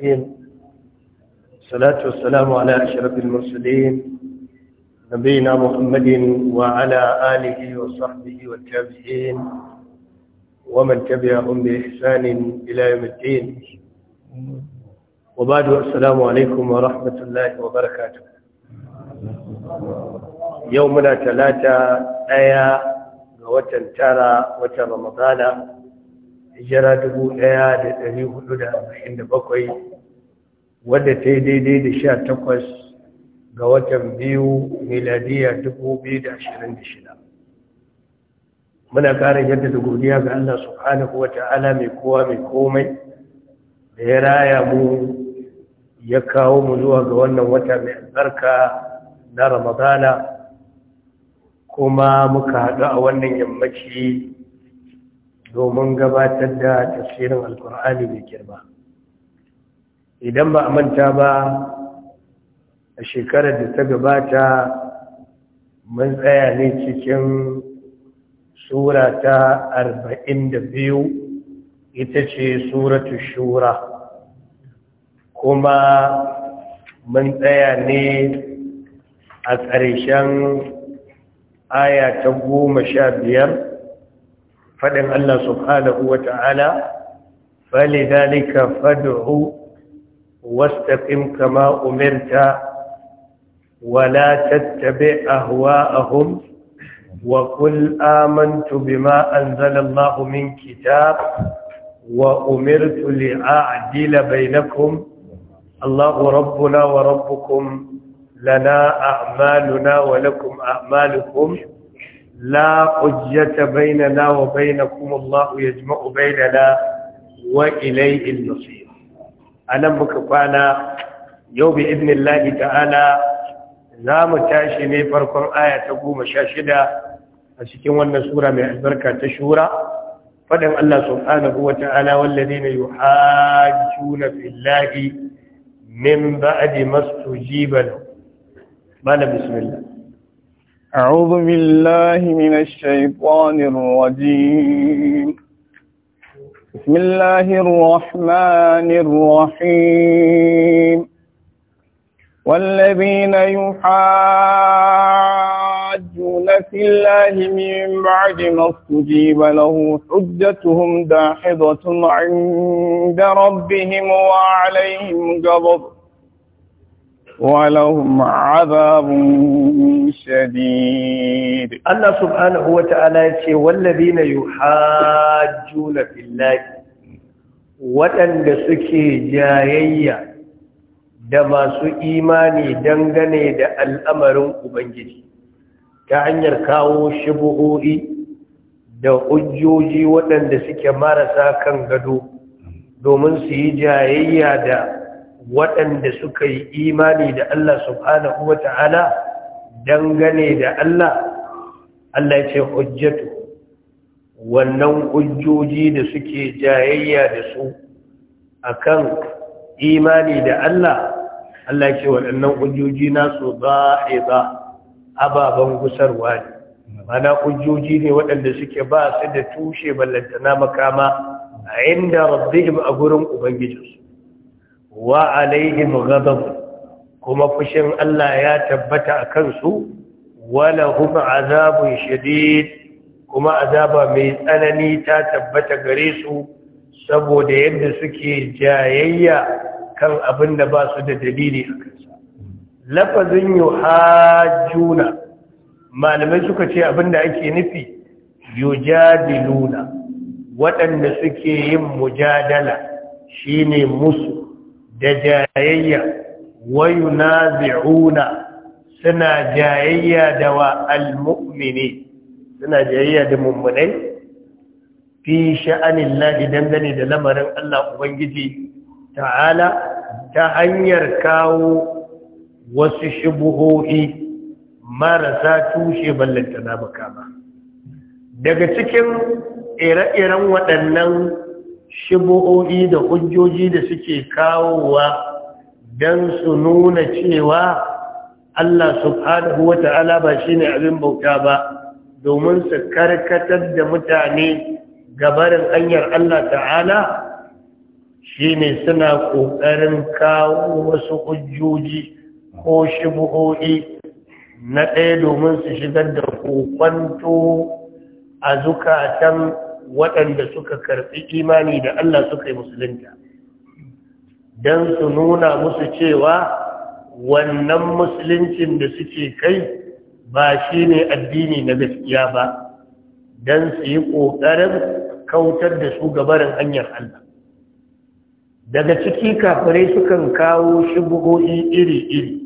الرحيم الصلاة والسلام على أشرف المرسلين نبينا محمد وعلى آله وصحبه والتابعين ومن تبعهم بإحسان إلى يوم الدين وبعد السلام عليكم ورحمة الله وبركاته يومنا ثلاثة آية وتنترى وترمضانا hijira dubu ɗaya da ɗari hudu da arba'in da bakwai wadda ta yi daidai da sha takwas ga watan biyu miladiya dubu biyu da ashirin da shida muna ƙara da godiya ga Allah subhanahu wa ta'ala mai kowa mai komai da ya raya mu ya kawo mu zuwa ga wannan wata mai albarka na ramadana kuma muka haɗu a wannan yammaci domin gabatar da tafsirin alkur'ani mai girma idan ba a manta ba a shekarar da ta gabata mun tsaya ne cikin sura ta biyu, ita ce suratu shura kuma mun tsaya ne a ƙarshen aya ta goma sha biyar faɗin Allah subhanahu wa ta'ala dalika fad'u wastaqim kama umirta wala tattabi' ahwa'ahum wa qul amantu bima anzala Allahu min kitab wa umirtu li a'dila bainakum Allahu rabbuna wa rabbukum lana a'maluna wa lakum a'malukum لا حجة بيننا وبينكم الله يجمع بيننا وإليه المصير أنا مكفانا يوم بإذن الله تعالى زام تاشني فرقم آية تقوم شاشدة أسكن ون سورة من البركة تشورة فدم الله سبحانه وتعالى والذين يحاجون في الله من بعد ما استجيب له ما بسم الله أعوذ بالله من الشيطان الرجيم بسم الله الرحمن الرحيم والذين يحاجون في الله من بعد ما استجيب له حجتهم داحضة عند ربهم وعليهم غضب ولهم عذاب شديد الله سبحانه وتعالى يقول والذين يحاجون في الله waɗanda suke jayayya da masu imani dangane da al'amarin Ubangiji ta hanyar kawo shibu'o'i da hujjoji waɗanda suke marasa kan gado domin su yi jayayya da waɗanda suka yi imani da Allah subhanahu wa ta'ala dangane da Allah Allah ce hujjatu wannan hujjoji da suke jayayya da su akan imani da Allah Allah ce waɗannan hujjoji nasu ba ababen gusarwa ne mana hujjoji ne waɗanda suke ba su da tushe ballantana makama a inda rabbihim a gurin ubangijinsu wa alaihim ghadab kuma fushin Allah ya tabbata a kansu wala hum azabun shadid kuma azaba mai tsanani ta tabbata gare su saboda yadda suke jayayya kan abin da ba su da dalili a kansa lafazin yuhajjuna malamai suka ce abin da ake nufi yujadiluna waɗanda suke yin mujadala shine musu da jayayya wa suna jayayya da wa almu'mini suna jayayya da mummunai fi sha'anin lahi dangane da lamarin Allah Ubangiji ta'ala ta hanyar kawo wasu shubuhohi marasa tushe ballanta na makama daga cikin ire-iren waɗannan shibo'o'i da hujjoji da suke kawowa don su nuna cewa Allah subhanahu wa ta'ala ba shi ne abin bauta ba domin su karkatar da mutane gabarin hanyar Allah ta'ala shi ne suna ƙoƙarin kawo wasu hujjoji ko shibo'o'i na ɗaya domin su shigar da kokwanto a zukatan waɗanda suka karfi imani da Allah suka yi musulunta don su nuna musu cewa wannan musuluncin da suke kai ba shi ne addini na gaskiya ba don su yi ƙoƙarin kautar da su gabarin hanyar Allah daga ciki kafirai sukan kawo shi shubuhohi iri-iri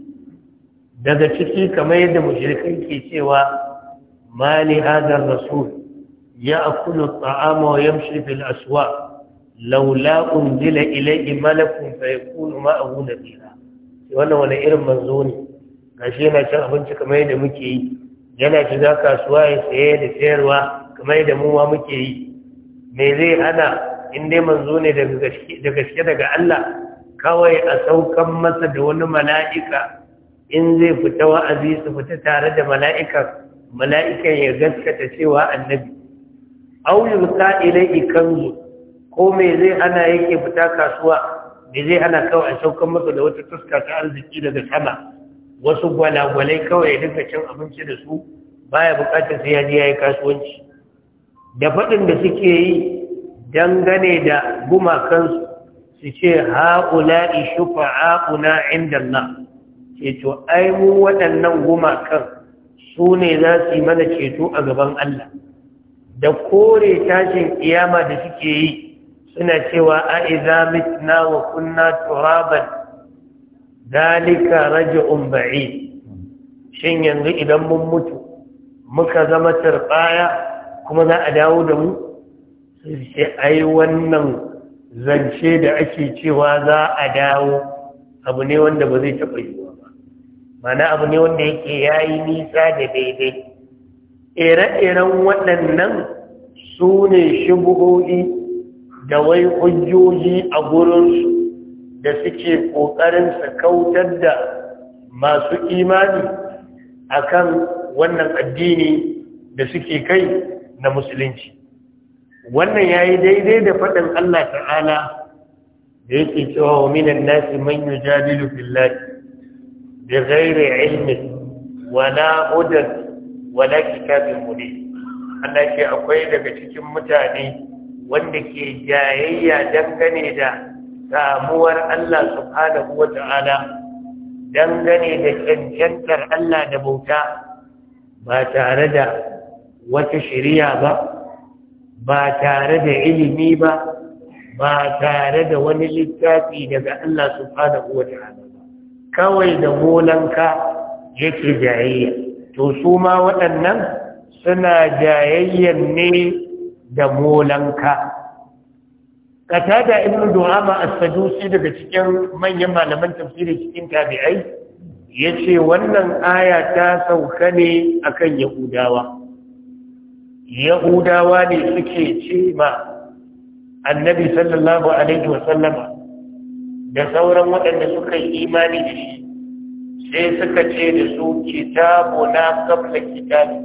daga ciki kamar yadda mushrikai ke cewa mali hadar rasul يأكل الطعام ويمشي في الأسواق لولا أنزل إليه ملك فيكون معه نبيلا wannan wani irin manzo ne gashi yana cin abinci kamar yadda muke yi yana shiga kasuwa ya saye da sayarwa kamar yadda mu ma muke yi me zai hana in dai manzo ne daga gaske daga Allah kawai a saukan masa da wani mala'ika in zai fita wa'azi su fita tare da mala'ikan mala'ikan ya gaskata cewa annabi au yulka ilayhi kanzu ko me zai ana yake fita kasuwa me zai ana kawai a saukan masa da wata tuska ta arziki daga sama wasu gwalagwalai kawai duka cin abinci da su baya bukatar sai ya je kasuwanci da faɗin da suke yi dangane da gumakansu su ce ha'ula'i shufa'a'una inda Allah ce to ai mu waɗannan gumakan su ne za su yi mana ceto a gaban Allah da kore tashin kiyama da suke yi suna cewa a iza mitna wa kunna turaban dalika raj'un ba'id shin yanzu idan mun mutu muka zama tarbaya kuma za a dawo da mu sai ai wannan zance da ake cewa za a dawo abu ne wanda ba zai taɓa yiwuwa ba mana abu ne wanda yake yayi nisa da daidai ire-iren waɗannan su ne shubuhohi da wai hujjoji a gurinsu da suke ƙoƙarin su kautar da masu imani akan wannan addini da suke kai na musulunci wannan ya yi daidai da faɗin Allah ta'ala da yake cewa wa minan nasi man yujadilu da Zaire ghairi wa wala wala kitabin mubin Allah ce akwai daga cikin mutane wanda ke jayayya dangane da samuwar Allah subhanahu wata'ala dangane da cancantar Allah da bauta ba tare da wata shari'a ba ba tare da ilimi ba ba tare da wani littafi daga Allah subhanahu wata'ala kawai da molanka yake jayayya to su ma waɗannan suna jayayyen ne da molanka katada ibn du'ama as-sadusi daga cikin manyan malaman tafsiri cikin tabi'ai ya ce wannan aya ta sauka ne akan yahudawa yahudawa ne suke ce ma annabi sallallahu alaihi wasallama da sauran waɗanda suka yi imani da shi sai suka ce da su kitabu na kafa kitabu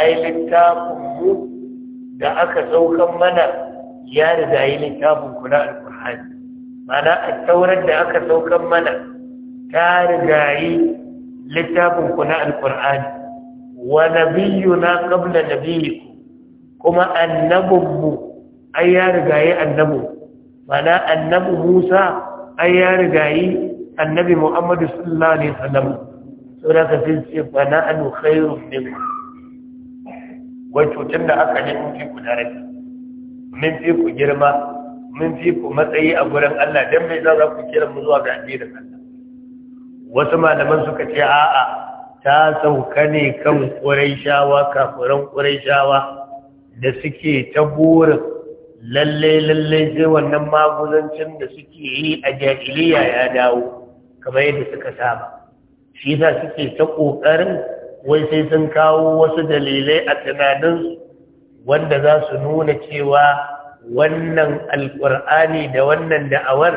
ai littafin mu da aka saukan mana ya riga yi littafin ku na alkur'ani mana a taurar da aka saukan mana ta riga yi littafin ku na alkur'ani wa nabiyyu na kabla nabiyyiku kuma annabinmu ai ya riga yi annabin mana annabin musa ai ya riga yi annabi muhammadu sallallahu alaihi wasallam da ka sai ce bana na khairu min wato tun da aka ne mun fi ku daraja mun fi ku girma mun fi ku matsayi a gurin Allah dan me za ku kira mu zuwa ga addinin Allah wasu malaman suka ce a'a ta sauka ne kan ƙuraishawa kafiran ƙuraishawa da suke ta burin lalle lalle sai wannan maguzancin da suke yi a jahiliya ya dawo kamar yadda suka saba shi su suke ta ƙoƙarin wai sai sun kawo wasu dalilai a tunaninsu wanda za su nuna cewa wannan alƙur'ani da wannan da'awar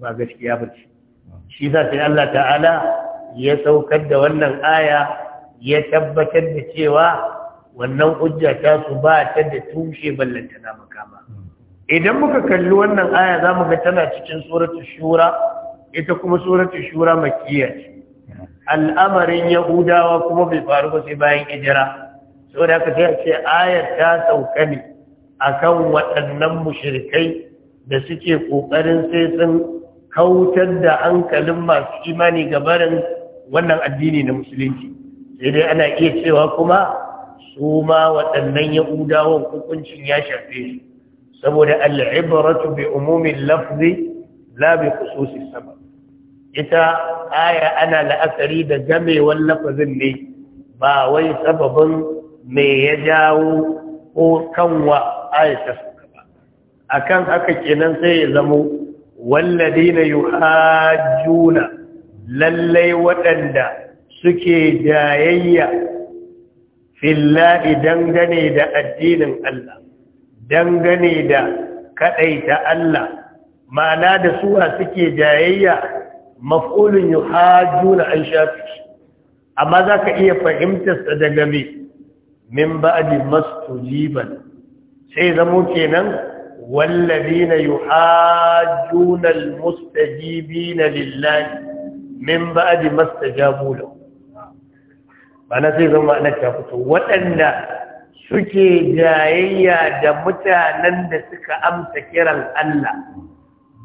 ba gaskiya ba ce shi yasa sai Allah ta'ala ya saukar da wannan aya ya tabbatar da cewa wannan hujja ta su ba ta da tushe na makama hmm. idan muka kalli wannan aya za mu ga tana cikin tsoratu shura ita kuma suratul shura makkiya ce al'amarin yahudawa kuma bai faru ba sai bayan hijira saboda haka sai ce ayar ta sauka ne akan waɗannan mushrikai da suke kokarin sai sun kautar da hankalin masu imani ga barin wannan addini na musulunci sai dai ana iya cewa kuma su ma waɗannan yahudawan hukuncin ya shafe su saboda al'ibaratu bi umumin lafzi la bi khususi sabab ita aya ana la'akari da gamewar lafazin ne ba wai sababin me ya jawo ko kanwa aya suka ba akan haka kenan sai ya zamo walladina yuhajuna lallai waɗanda suke jayayya fillahi dangane da addinin Allah dangane da kaɗaita Allah ma'ana da suwa suke jayayya maf'ulun yuhajjuna an shafi amma za ka iya fahimtar daga me min ba a ba'di mastujiban sai zamo kenan na والذين يحاجون المستجيبين لله من بعد ما استجابوا له ana sai zama ana fito waɗanda suke jayayya da mutanen da suka amsa kiran Allah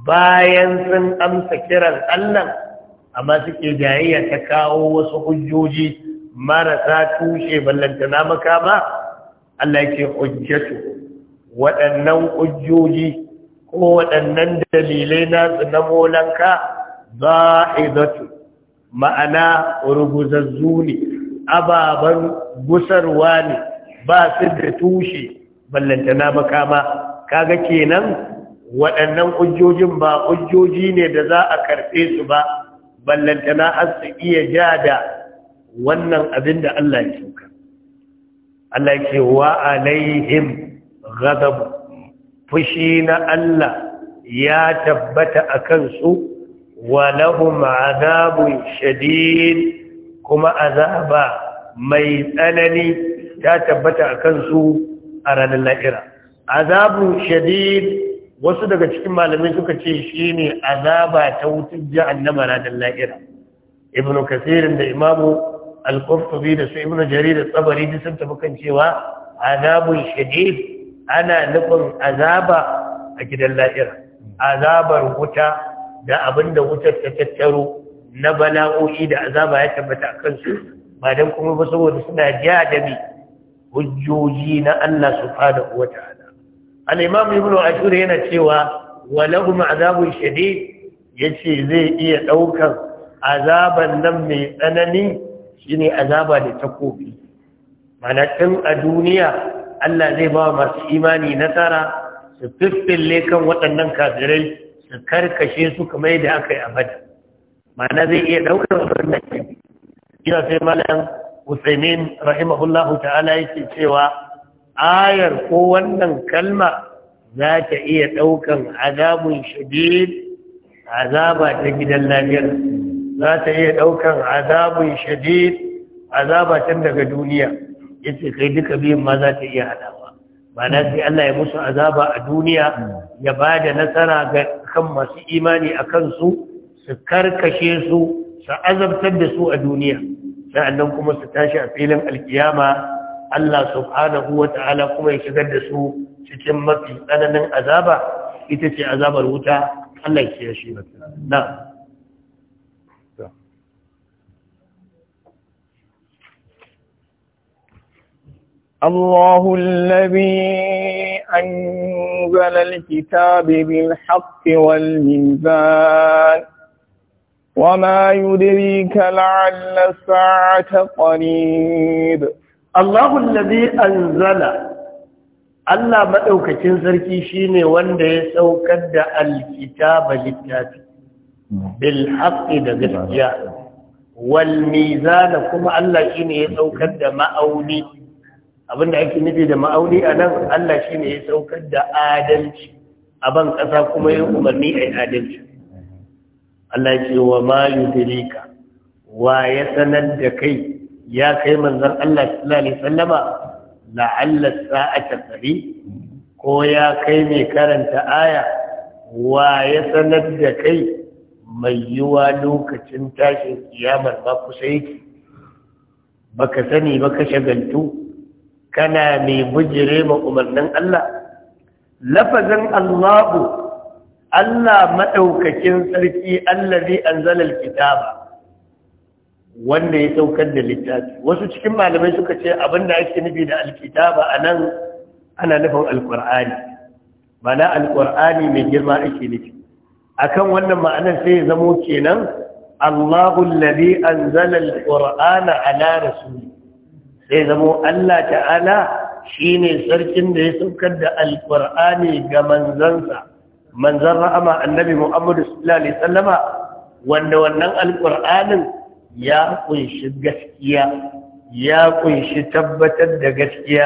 bayan sun amsa kiran Allah amma suke jayayya ta kawo wasu hujjoji marasa tushe ballantana makama Allah yake hujjatu waɗannan hujjoji ko waɗannan dalilai na na molanka za'idatu ma'ana rubuzazzu ne ababen gusarwa ne ba su da tushe ballantana makama kaga kenan waɗannan hujjojin ba hujjoji ne da za a karɓe su ba ballantana har su iya ja da wannan abin da Allah ya shuka Allah ke wa alaihim ghadab fushi na Allah ya tabbata a kansu wa lahum shadid kuma azaba mai tsanani ya tabbata a kansu a ranar la'ira azabun shadid wasu daga cikin malamai suka ce shi ne azaba ta wutar na ranar la'ira ibn kasirin da imamu al-qurtubi da su ibn jaridar da tsabari duk sun tafi kan cewa azabun shadid ana nufin azaba a gidan la'ira azabar wuta da abinda wutar ta tattaro na bala'o'i da azaba ya tabbata a kansu ba don kuma ba saboda suna ja da hujjoji na Allah subhanahu wa ta'ala al'imam ibn ashur yana cewa walahum azabun ya ce zai iya ɗaukar azaban nan mai tsanani shine azaba da takobi mana tun a duniya Allah zai ba masu imani nasara su fiffille kan waɗannan kafirai su karkashe su kamar yadda aka yi a mana zai iya ɗaukar waɗannan ya sai malam Usaimin rahimahullahu ta'ala yake cewa ayar ko wannan kalma za ta iya ɗaukan azabun shadid azaba ta gidan lafiyar za ta iya ɗaukan azabun shadid azaba can daga duniya Yace kai duka biyun ma za ta iya haɗawa ba na sai Allah ya musu azaba a duniya ya ba da nasara ga kan masu imani a kansu su karkashe su su azabtar da su a duniya sa'annan kuma su tashi a filin alkiyama Allah subhanahu wa ta'ala kuma ya shigar da su cikin mafi tsananin azaba ita ce azabar wuta Allah ya shi na الله الذي أنزل الكتاب بالحق والميزان وما يدريك لعل الساعة قريب Allahu allazi anzala Allah maɗaukacin sarki shine wanda ya saukar da alkitaba littafi bil da gaskiya wal kuma Allah ne ya saukar da ma'auni abinda ake nufi da ma'auni anan Allah ne ya saukar da adalci a ban ƙasa kuma yin umarni ai adalci Allah ce wa ma yudrika wa ya sanar da kai ya kai manzon Allah sallallahu alaihi wasallama la'alla sa'ata tsari ko ya kai mai karanta aya wa ya sanar da kai mai yiwa lokacin tashin kiyamar ba kusa yake ka sani ba ka shagaltu kana mai bujire ma umarnin Allah lafazin Allahu Allah maɗaukacin sarki an zalar kitaba wanda ya saukar da littafi wasu cikin malamai suka ce abinda ake nufi da alkitaba a nan ana nufin alkur'ani mana alkur'ani mai girma ake nufi akan wannan ma'anar sai ya zamo kenan Allahu allazi anzala alqur'ana ala rasuli sai zamo Allah ta'ala shine sarkin da ya saukar da alqur'ani ga manzansa manzan rahama annabi Muhammadu sallallahu alaihi wanda wannan alkur'anin ya kunshi gaskiya ya kunshi tabbatar da gaskiya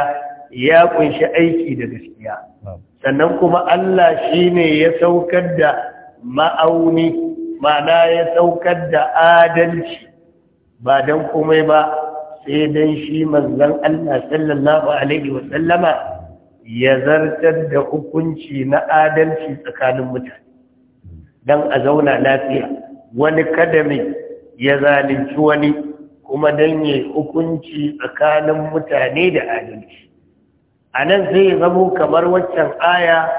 ya kunshi aiki da gaskiya sannan kuma Allah shine ya saukar da ma'auni ma'ana ya saukar da adalci ba dan komai ba sai dan shi manzon Allah sallallahu alaihi wasallama ya zartar da hukunci na adalci tsakanin mutane dan a zauna lafiya wani kada mai ya zalunci wani kuma don ya hukunci tsakanin mutane da abinci. a nan zai zamo kamar waccan aya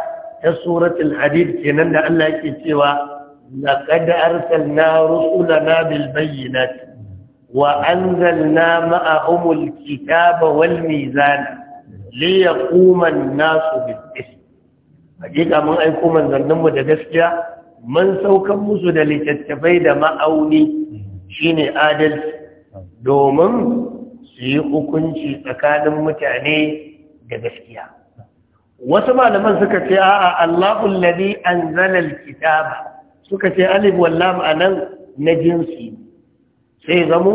ta suratul hadid kenan da Allah yake cewa laqad arsalna rusulana bil bayyinati wa anzalna ma'ahumul kitaba wal mizan li yaquma an-nasu bil qist hakika mun aiko manzanninmu da gaskiya mun saukan musu da littattafai da ma'auni shine adalci domin su yi hukunci tsakanin mutane da gaskiya wasu malaman suka ce a'a Allahun ladhi anzala kitaba suka ce alif wallam anan na jinsi sai zamo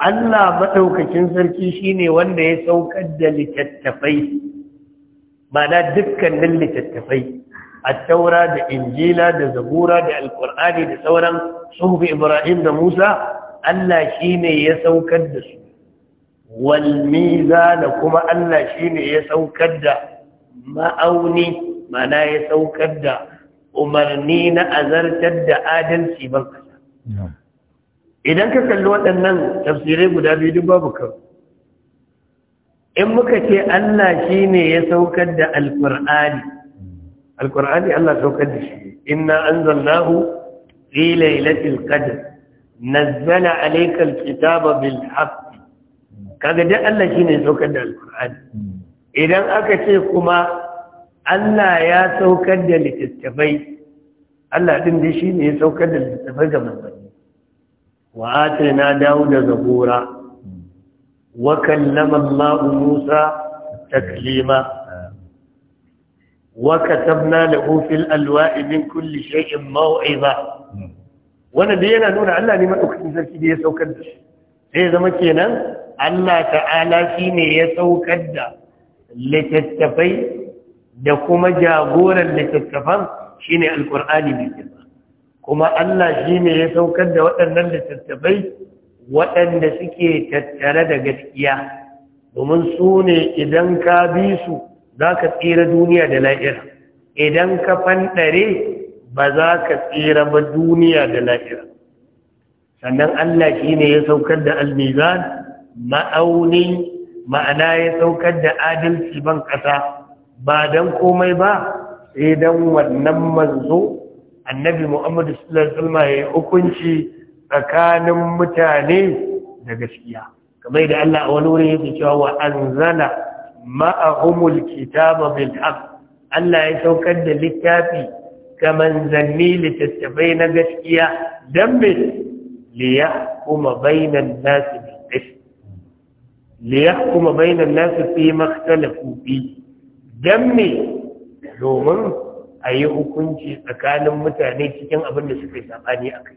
Allah maɗaukakin sarki shine wanda ya saukar da littattafai ba da dukkanin littattafai taura da injila da zabura da alkur'ani da sauran suhufi ibrahim da musa allah shi ne ya saukar da su walmiza da kuma allah shi ne ya saukar da ma'auni mana ya saukar da umarni na azartar da adalci ban kasa idan ka kalli waɗannan tafsirai guda biyu duk babu kan in muka ce allah shi ne ya saukar da alkur'ani alkur'ani Allah saukar da shi Ina inna anzalnahu fi lailatul qadr nazzala alayka kitaba bil haqq kaga dai Allah shi shine saukar da alkur'ani idan aka ce kuma Allah ya saukar da littattafai Allah ɗin da shi ne ya saukar da littattafai ga manzanni wa atina dawuda zabura wa kallama Allah Musa taklima وكتبنا له في الألواء من كل شيء موعظة wannan da yana nuna Allah ne madaukakin sarki da ya saukar da shi sai zama kenan Allah ta'ala shine ya saukar da litattafai. da kuma jagoran littattafan shine alqur'ani mai girma kuma Allah shine ya saukar da waɗannan litattafai waɗanda suke tattare da gaskiya domin su ne idan ka bi su za ka tsira duniya da la'ira idan ka fanɗare ba za ka tsira ba duniya da la'ira sannan Allah shi ne ya saukar da almizan ma'auni ma'ana ya saukar da adalci ban ƙasa ba don komai ba sai don wannan manzo annabi muhammadu sallallahu ya yi hukunci tsakanin mutane da gaskiya kamar da Allah a wani wurin yake cewa wa anzala ma'ahumul kitaba bil haqq Allah ya saukar da littafi ga manzanni littattafai na gaskiya dan me li bainan nas bil qist li bainan nas fi makhtalafu bi dan me domin ayi hukunci tsakanin mutane cikin abin da suka yi sabani akai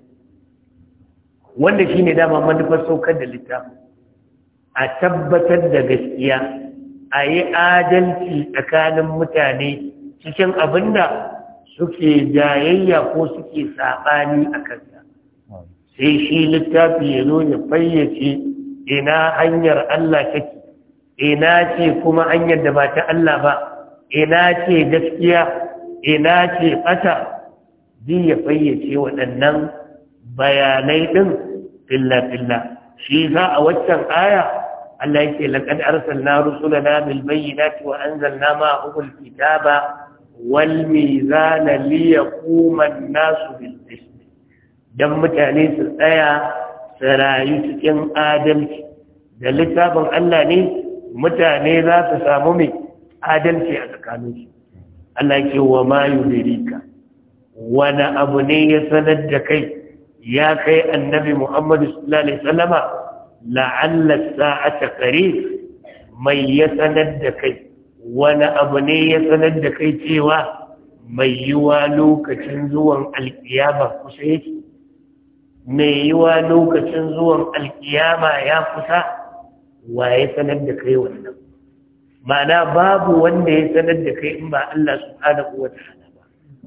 wanda shine dama manufar saukar da littafi a tabbatar da gaskiya a yi adalci tsakanin mutane cikin abin da suke jayayya ko suke saɓani a kansa sai shi littafi ya zo ya fayyace ina hanyar Allah take ina ce kuma hanyar da ba ta Allah ba ina ce gaskiya ina ce ɓata zai ya fayyace waɗannan bayanai ɗin filla-filla shi za a waccan aya Allah yake laqad arsalna rusulana bil bayyinati wa anzalna ma'ahum kitaba wal mizana liyaquma an-nasu bil qist dan mutane su tsaya su rayu cikin adalci da littafin Allah ne mutane za su samu mai adalci a tsakaninsu Allah ke wa ma yudrika wani abu ne ya sanar da kai ya kai annabi Muhammadu sallallahu alaihi wasallama la'alla sa'ata qarib mai wani abu ne ya sanar da kai cewa mai yiwa lokacin zuwan alkiyama kusa yake mai yiwa lokacin zuwan alkiyama ya kusa wa ya sanar da kai wannan ma'ana babu wanda ya sanar da kai in ba Allah subhanahu wa ta'ala ba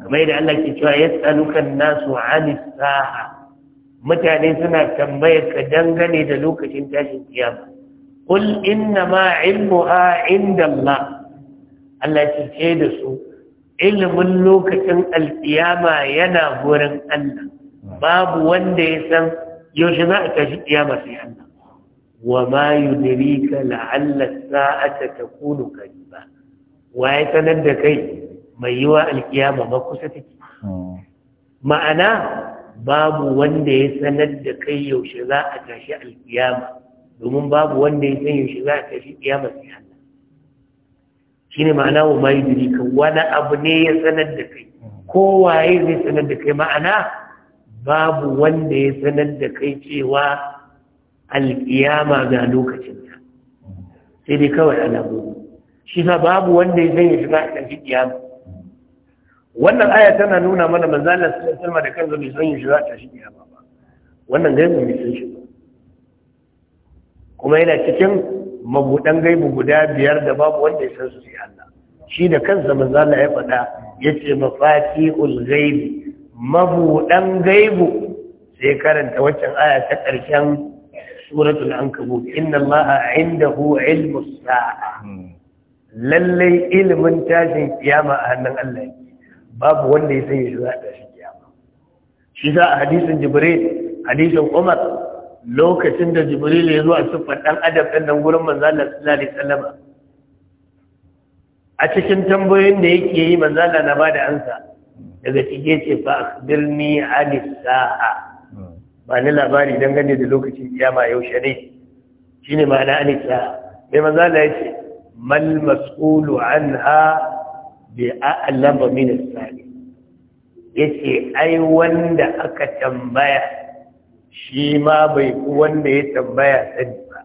kamar yadda Allah ke cewa yas'aluka an-nasu 'ani sa'a mutane suna tambayar ka dangane da lokacin tashin kiyama qul inna ma a inda Allah Allah ya ce da su ilimin lokacin alkiyama yana gurin Allah babu wanda ya san yaushe za a tashi kiyama sai Allah wa ma yudrika la'alla saata takunu qariba wa ya sanar da kai mai yiwa alkiyama ba kusa take hmm. ma'ana babu wanda ya sanar da kai yaushe za a tashi alkiyama domin babu wanda ya san yaushe za a tashi kiyama sai Allah shine ma'ana wa mai dirika wani abu ne ya sanar da kai kowaye zai sanar da kai ma'ana babu wanda ya sanar da kai cewa alkiyama ga lokacin ta sai dai kawai alamu shi fa babu wanda ya san yaushe za a tashi kiyama wannan aya tana nuna mana manzo Allah sallallahu da kansa bai san shi yi shi ba wannan gaibu bai san shi kuma yana cikin mabudan gaibu guda biyar da babu wanda ya san su sai Allah shi da kansa manzo Allah ya faɗa ce mafati'ul ghaibi mabudan gaibu sai karanta waccan aya ta ƙarshen suratul ankabut inna allaha indahu ilmus sa'a hmm. lallai ilimin tashin kiyama a hannun Allah yake babu wanda ya sai shi za a tashi kiyama shi za a hadisin jibril hadisin umar lokacin da jibril ya zo a siffar dan adam ɗan nan gurin manzo Allah sallallahu alaihi wasallam a cikin tambayoyin da yake yi manzo Allah na bada ansa daga cike ce fa akhbirni ali sa'a ba ni labari dangane da lokacin kiyama yaushe ne shine ma'ana ali sa'a mai manzo Allah ya ce mal mas'ulu anha bi a'lama min sali yace ai wanda aka tambaya shi ma bai ku wanda ya tambaya sani ba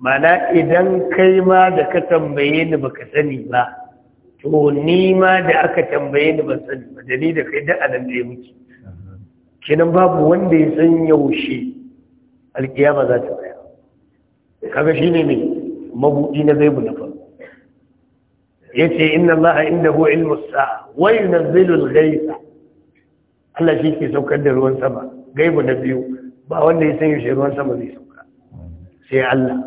mana idan kai ma da ka tambaye ni baka sani ba to ni ma da aka tambaye ni ban sani ba da da kai da anan da ya muke kenan babu wanda ya san yaushe alkiyama za ta tsaya kaga shine ne mabuɗi na zaibu na fa yace inna allaha indahu ilmu sa'a wa yunzilu al-ghaytha Allah shi ke saukar da ruwan sama gaibu na biyu ba wanda ya sanya shi ruwan sama zai sauka sai Allah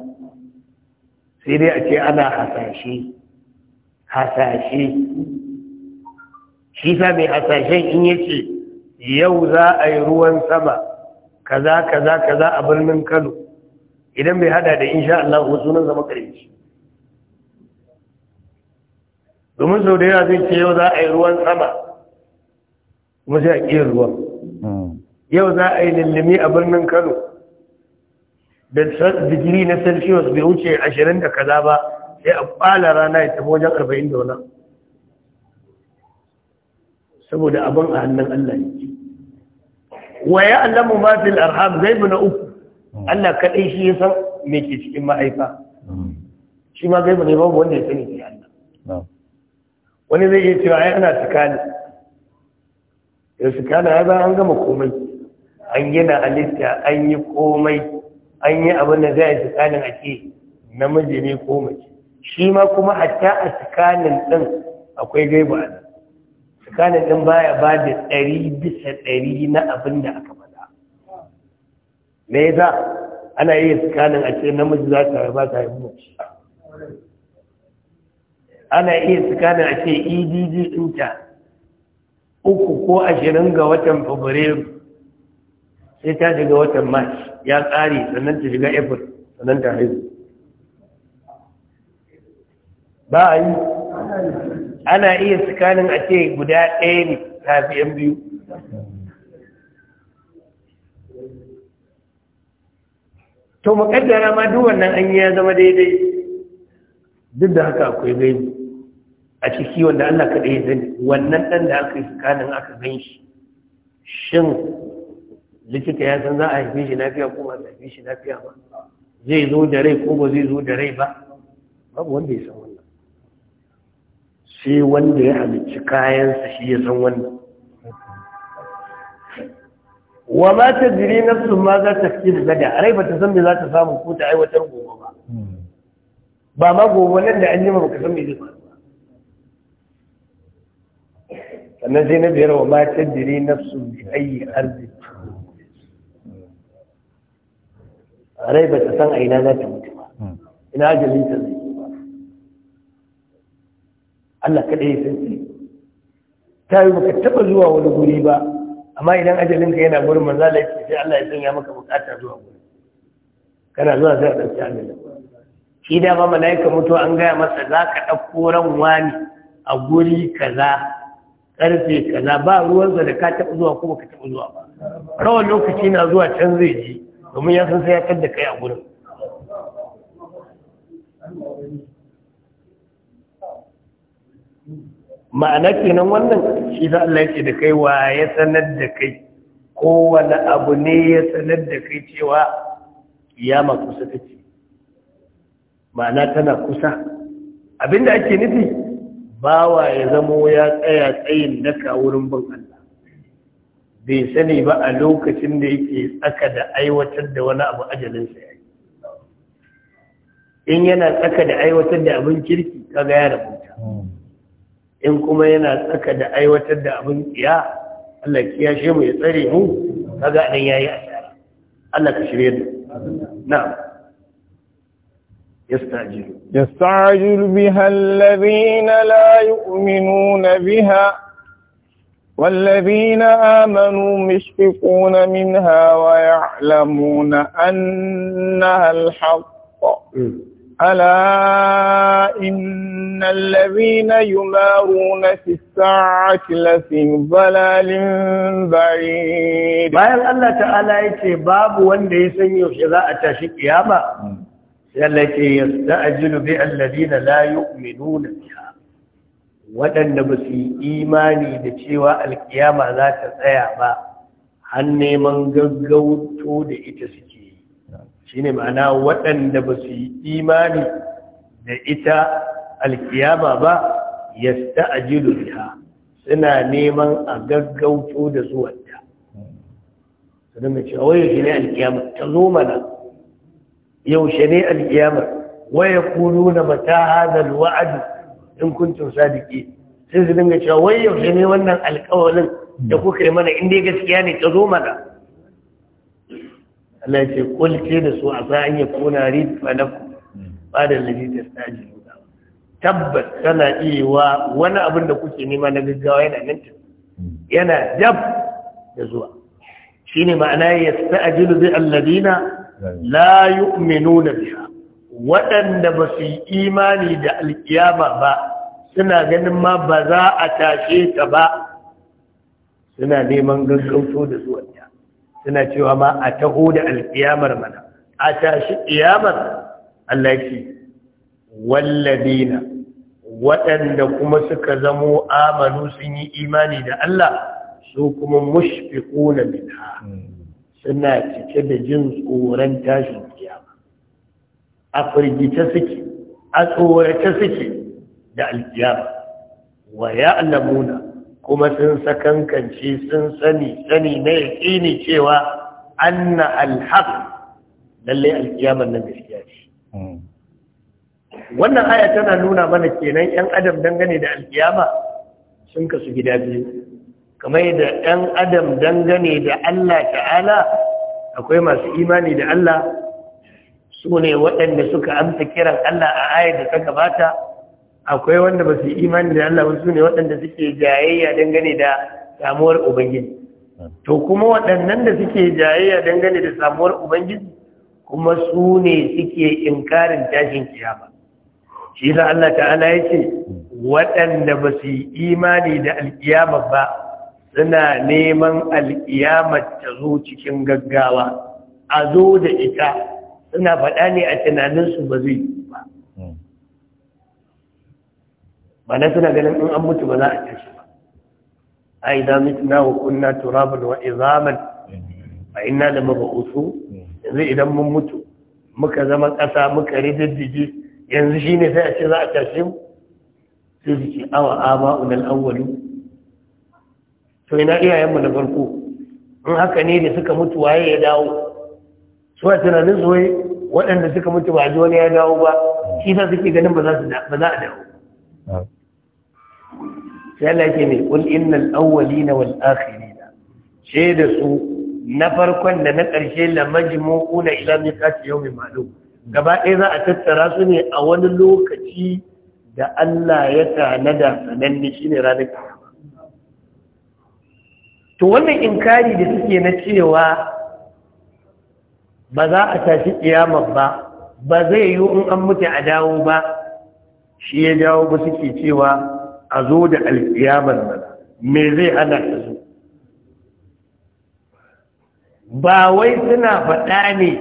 sai dai a ce ana hasashe hasashe shi sa mai hasashen in yace yau za a yi ruwan sama kaza kaza kaza a birnin Kano idan bai hada da insha Allah sunan zama karfi domin sau da yana zai ce yau za a yi ruwan sama kuma sai a ƙi ruwan hmm. yau za a yi lullumi a birnin kano da digiri na celsius bai wuce ashirin da kaza ba sai a ƙwala rana ya tafi wajen arba'in da wani saboda abin a hannun allah ne wa ya allamu ma fil arham zai bi na uku hmm. allah kaɗai shi ya san me ke cikin ma'aifa hmm. shi ma gaibu ne babu wanda ya sani ke allah wani zai iya cewa ai ana tsakani ya tsakani ya za an gama komai an gina halitta an yi komai an yi abin da zai yi tsakanin a ke namiji ne komai. shi ma kuma ta a tsakanin ɗin akwai gaiba a tsakanin ɗin baya ba da ɗari bisa ɗari na abin da aka faɗa me za ana yi tsakanin a ce namiji za ta haifa ta yi mace ana iya tsakani a ce edd ɗinta uku ko ashirin ga watan fabrairu sai ta shiga watan march ya tsari sannan ta shiga april sannan ta haihu ba a yi ana iya tsakani a ce guda ɗaya ne tafi yan biyu to makaddara ma duk wannan an yi ya zama daidai duk da haka akwai gaibi a ciki wanda Allah kaɗai ɗaya zai wannan ɗan da aka yi tsakanin aka gan shi shin likita ya san za a yi shi lafiya ko ba a haife shi lafiya ba zai zo da rai ko ba zai zo da rai ba babu wanda ya san wannan sai wanda ya halicci kayansa shi ya san wannan wa ma ta jiri nafsun ma za ta fi da rai ba ta san me za ta samu ko ta aiwatar gobe ba hmm. ba ma gobe nan da an yi ba ka san me ba. sannan sai na biyar wa ma na nafsu bi ayi arziki rai ba ta san a ina za ta mutu ba ina ajalin ta zai ba Allah kaɗai ya san ta yi baka taɓa zuwa wani guri ba amma idan ajalin ka yana gurin manzala ya ce sai Allah ya sanya maka bukata zuwa guri kana zuwa sai a ɗauki ajalin ba shi da ma malaika mutu an gaya masa za ka ɗauko ran wani a guri kaza ƙarfe kaza ba ruwansa da ka taɓa zuwa ko ka taɓa zuwa ba kawai lokaci na zuwa can zai je domin ya san sai ya da kai a gurin ma'ana kenan wannan shi za Allah yake da kai wa ya sanar da kai kowane abu ne ya sanar da kai cewa kiyama kusa take ma'ana tana kusa abinda ake nufi bawa ya zamo ya tsaya tsayin daka wurin bin Allah bai sani ba a lokacin da yake tsaka da aiwatar da wani abu ajalinsa ya in yana tsaka da aiwatar da abin kirki kaga ya rubuta in kuma yana tsaka da aiwatar da abin kiya Allah kiyashe mu ya tsare mu kaga dan yayi asara Allah ka shirye da na'am يستعجل يستعجل بها الذين لا يؤمنون بها والذين آمنوا مشفقون منها ويعلمون أنها الحق ألا إن الذين يمارون في الساعة لفي ضلال بعيد بايل الله تعالى يتي باب وان ليسن يوشي ذا أتاشي قيامة yallake yasta'jilu bi alladhina la yu'minuna biha waɗanda ba su yi imani da cewa alkiyama za ta tsaya ba an neman gaggauto da ita suke yi shi ne ma'ana waɗanda ba su yi imani da ita alkiyama ba ya sta'ajilu biha suna neman a gaggauto da zuwanta sannan mai cewa wai shi ne alkiyama ta zo mana yaushe ne alkiyama wa yaquluna mata hadha alwa'd in kuntum sadiqin sai su dinga cewa wai yaushe ne wannan alkawalin da kuka yi mana in dai gaskiya ne ta zo mana Allah ya ce kulce da su a sa an yi kuna rifa na ba da lalita staji tabbas tana iya wa wani abin da kuke nema na gaggawa yana nan yana dab da zuwa Shi ne ma'ana ya sta'jilu zai alladina la yu'minuna biya waɗanda ba su yi imani da alkiyama ba suna ganin ma ba za a tashe ta ba suna neman gaggauto da zuwanta suna cewa ma a taho da alkiyamar mana a tashi kiyamar Allah ke wallabina waɗanda kuma suka zamo amanu sun yi imani da Allah su kuma mushfiquna minha hmm. suna cike da jin tsoron tashin kiyama a firgita suke a tsorata suke da alkiyama wa ya alamuna kuma sun sakankance sun sani sani na yaƙini cewa anna alhaq lallai alkiyamar na gaskiya ce hmm. wannan aya tana nuna mana kenan 'yan adam dangane da alkiyama sun kasu gida biyu kamar da ɗan adam dangane da Allah ta'ala akwai masu imani da Allah su ne waɗanda suka amsa kiran Allah a ayar da ta gabata akwai wanda ba su imani da Allah su ne waɗanda suke jayayya dangane da samuwar Ubangiji to kuma waɗannan da suke jayayya dangane da samuwar Ubangiji kuma su ne suke inkarin tashin kiyama shi da Allah ta'ala ya ce waɗanda ba su imani da alkiyama ba suna neman alƙiyamar ta zo cikin gaggawa a zo da ita suna faɗa ne a tunaninsu ba zai yi ba ba na suna ganin in an mutu ba za a tashi ba a idan mituna wa kunna turabin wa izaman a ina da maba'usu yanzu idan mun mutu muka zama ƙasa muka rididdige yanzu shi ne sai a ce za a tashi mu sai su ce awa a ba'unan awwalu to ina iyayenmu na farko in haka ne da suka mutu waye ya dawo su a tunanin zuwai waɗanda suka mutu ba ji wani ya dawo ba shi sa suke ganin ba za a dawo sai Allah ke ne kul innal awwalina wal akhirina ce da su na farkon da na ƙarshe la na ila miqati yawmin ma'lum gaba ɗaya za a tattara su ne a wani lokaci da Allah ya tanada sananne shine ranar kiyama to wannan inkari da suke na cewa ba za a tashi kiyamar ba ba zai yi in an mutu a dawo ba shi ya dawo ba suke cewa a zo da alkiyamar mana me zai ana ta zo ba wai suna faɗa ne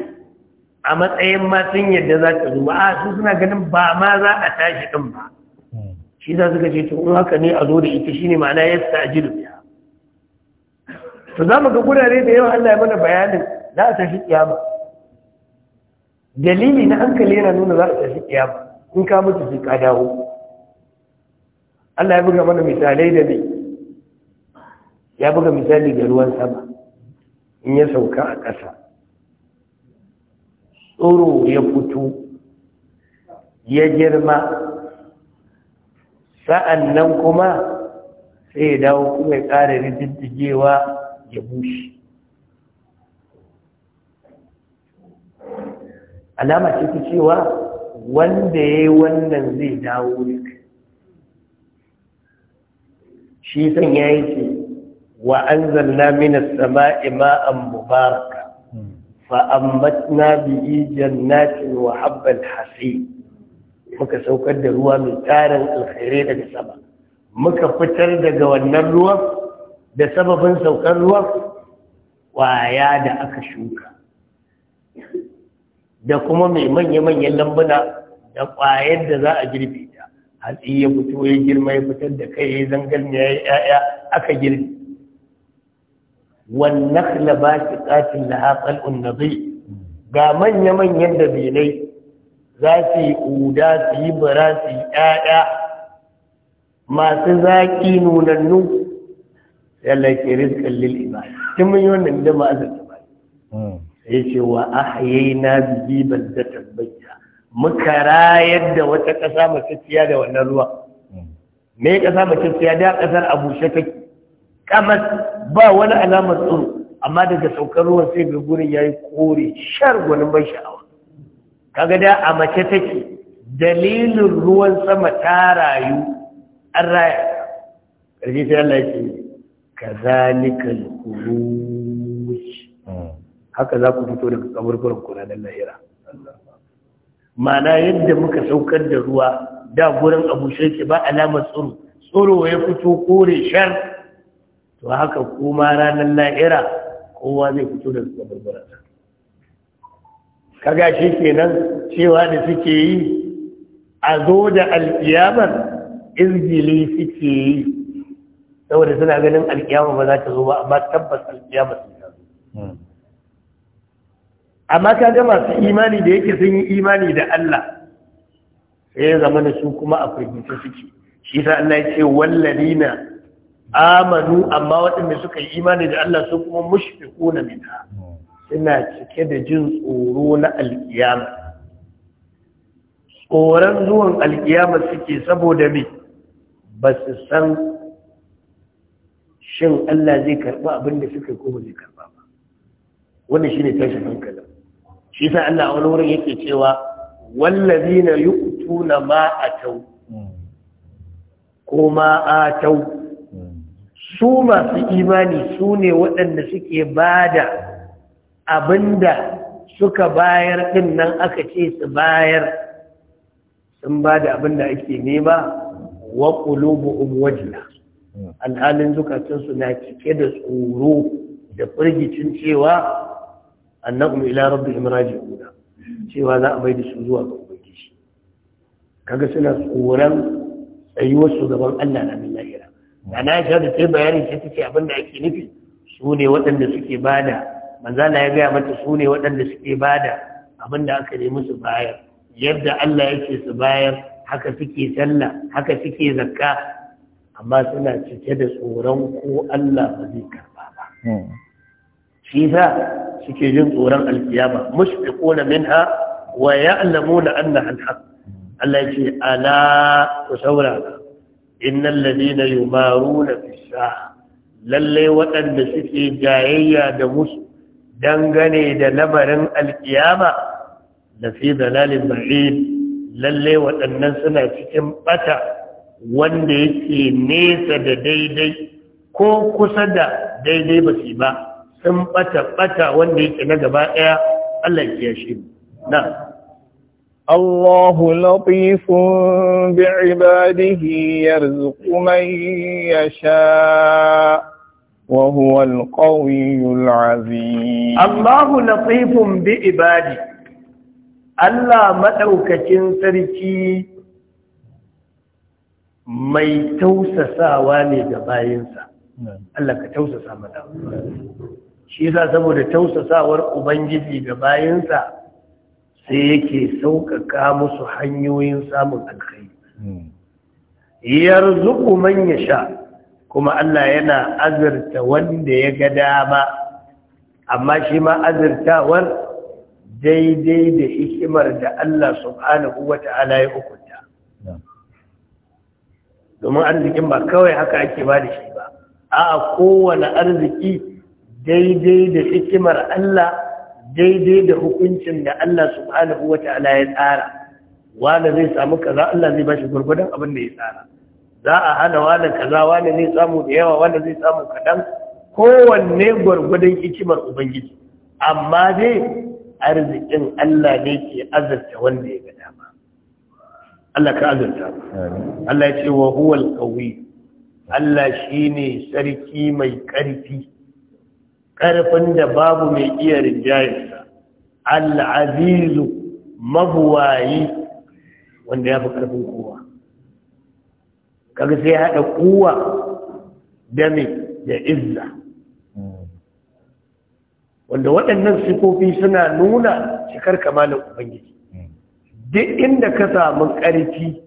a matsayin matsin yadda za ta zo ba a su suna ganin ba ma za a tashi ɗin ba hmm. shi za suka ce to in haka ne a zo da ita shine ma'ana yasta ajiru ya to za mu ga gurare da yawa Allah ya mana bayanin za a tafi kiyama dalili na hankali yana nuna za a tafi kiyama in ka mutu sai ka dawo Allah ya buga mana misalai da mai ya buga misali da ruwan sama in ya sauka a ƙasa tsoro ya fito ya girma sa'an nan kuma sai ya dawo kuma ya ƙara rididdigewa ya bushe alama ce ta cewa wanda ya yi wannan zai dawo da kai shi san ya yi ce wa an zanna mina sama'i ma'an mubaraka fa'ammatna biyi jannatin wa habban hasi muka saukar da ruwa mai tarin alkhairai daga sama muka fitar daga wannan ruwan da sababin saukar ruwan ƙwaya da aka shuka da kuma mai manya-manyan lambuna da ƙwayar da za a girbe ta hatsi ya fito ya girma ya fitar da kai ya zangar ya yi ‘ya'ya aka girbe wannan shi ƙatin lahatsal unnabi ga manya-manyan da benai za su yi ƙuda su yi bara su yi ‘ya'ya masu zaƙi nunannu yalla yake rizqan lil ibad kin mun yi wannan da ma azan ba ce wa ahyayna bihi baldatan bayya muka rayar da wata kasa matacciya da wannan ruwa hmm. me kasa matacciya da kasar abu shaka kamar ba wani alamar tsoro amma daga saukar ruwan sai ga gurin yayi kore shar gwanin ban sha'awa kaga da a mace take dalilin ruwan sama ta rayu an raya ƙarfi sai Allah ya ce kazalikal khuruj hmm. haka za ku fito daga kaburburan ku na lahira ma'ana yadda muka saukar da ruwa da gurin abu shirki ba alamar tsoro tsoro ya fito kore shar to haka kuma ranar lahira kowa zai fito daga kaburburan kaga shi kenan cewa da suke yi a zo da alkiyamar izgili suke saboda suna ganin alkiyama ba za ta zo ba amma tabbas alkiyama sun ta amma ka ga masu imani da yake sun yi imani da Allah sai ya zama su kuma a firgice suke shi sa Allah ya ce na amanu amma waɗanda suka yi imani da Allah su kuma mushfiquna minha suna cike da jin tsoro na alkiyama tsoron zuwan alkiyama suke saboda me ba su san shin Allah zai karba abin da suka ko ba zai karba ba wannan shine tashin hankali. shi sa Allah a wani wurin yake cewa wallazina yu'tuna ma atau ko ma atau su masu imani su ne waɗanda suke bada abinda suka bayar ɗin nan aka ce su bayar sun ba da abin da ake nema wa ƙulubu'un wajina alhalin zukatansu na cike da tsoro da firgicin cewa annahum ila imraji raji'un cewa za a mai da su zuwa ga ubangiji kaga suna tsoron tsayuwar su gaban Allah na min lahira da na sha da sai bayanin sai tace abin da ake nufi su ne waɗanda suke bada manzala ya gaya mata su ne waɗanda suke bada abin da aka nemi su bayar yadda Allah yake su bayar haka suke sallah haka suke zakka amma suna cike da tsoron ko Allah ba zai karba ba hmm. shi suke jin tsoron alkiyama mushfiquna minha wa ya'lamuna annaha alhaq Allah ya ce ala ku saurara na ladina yumaruna na sa'a lalle waɗanda suke jayayya da musu dangane da lamarin alkiyama da fi dalalin ba'id lalle waɗannan suna cikin bata wanda yake nesa da daidai ko kusa da daidai ba su ba sun bata bata wanda yake na gaba daya Allah ya shi na bi الله لطيف بعباده wa huwa يشاء وهو القوي Allahu الله bi ibadi, Allah maɗaukacin sarki mai tausasawa ne ga bayansa hmm. Allah ka tausasa mana shi yasa saboda tausasawar ubangiji ga bayansa sai yake sauƙaƙa musu hanyoyin samun alkhairi hmm. yarzuqu man yasha kuma Allah yana azurta wanda ya ga dama amma shi ma azurtawar daidai da hikimar da Allah subhanahu wata'ala ya hukunta domin arzikin ba kawai haka ake ba da shi ba a'a kowane arziki daidai da hikimar Allah daidai da hukuncin da Allah subhanahu ta'ala ya tsara wanda zai samu kaza Allah zai bashi gurgudan abin da ya tsara za a hana wani kaza wani zai samu da yawa wani zai samu kaɗan kowanne gwargwadon hikimar ubangiji amma dai arzikin Allah ne ke azurta wanda ya ga dama Allah ka azurta Allah ya ce wa huwal qawi Allah shine sarki mai ƙarfi. Ƙarfin da babu mai iya rinjayarsa al-azizu mabuwayi wanda ya fi karfin kowa kaga sai hada kowa da mai da izza hmm. wanda waɗannan sifofi suna nuna cikar kamalin ubangiji duk inda ka samu ƙarfi